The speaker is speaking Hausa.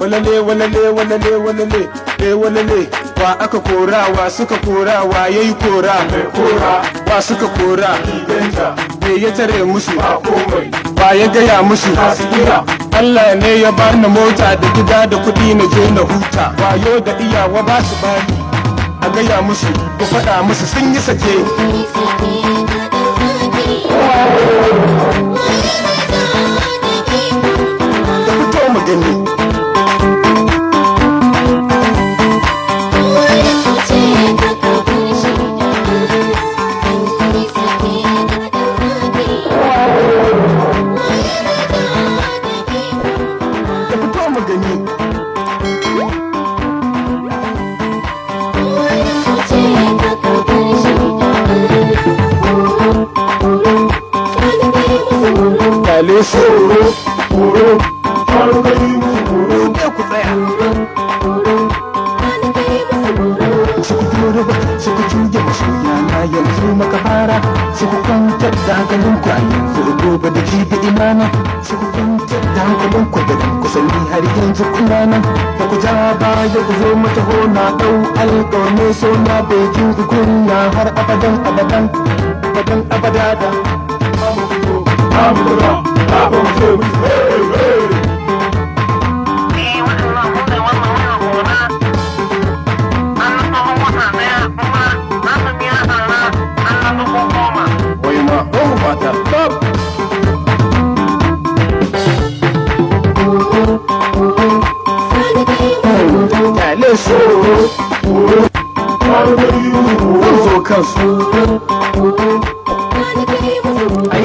walale walale walale walale eh walale wa aka kora wa suka kora wa yayi kora mai kora wa suka kora me ya tare musu ba komai ba ya gaya musu Allah ne ya bani mota da gida da kudi na je na huta wayo da iyawa ba su bani a gaya musu ku faɗa musu sun yi sake ini Valeu, chorou, chorou. kafara su ku kwantar da hankalinku a yanzu gobe da jibi imana su ku kwantar da hankalinku da ku sani har yanzu kuna nan ba ku ja ba ya ku zo mata na dau alƙawne so na bekin kunna har abadan abadan abadan abadada babu babu babu lẹ́sù. Those will come.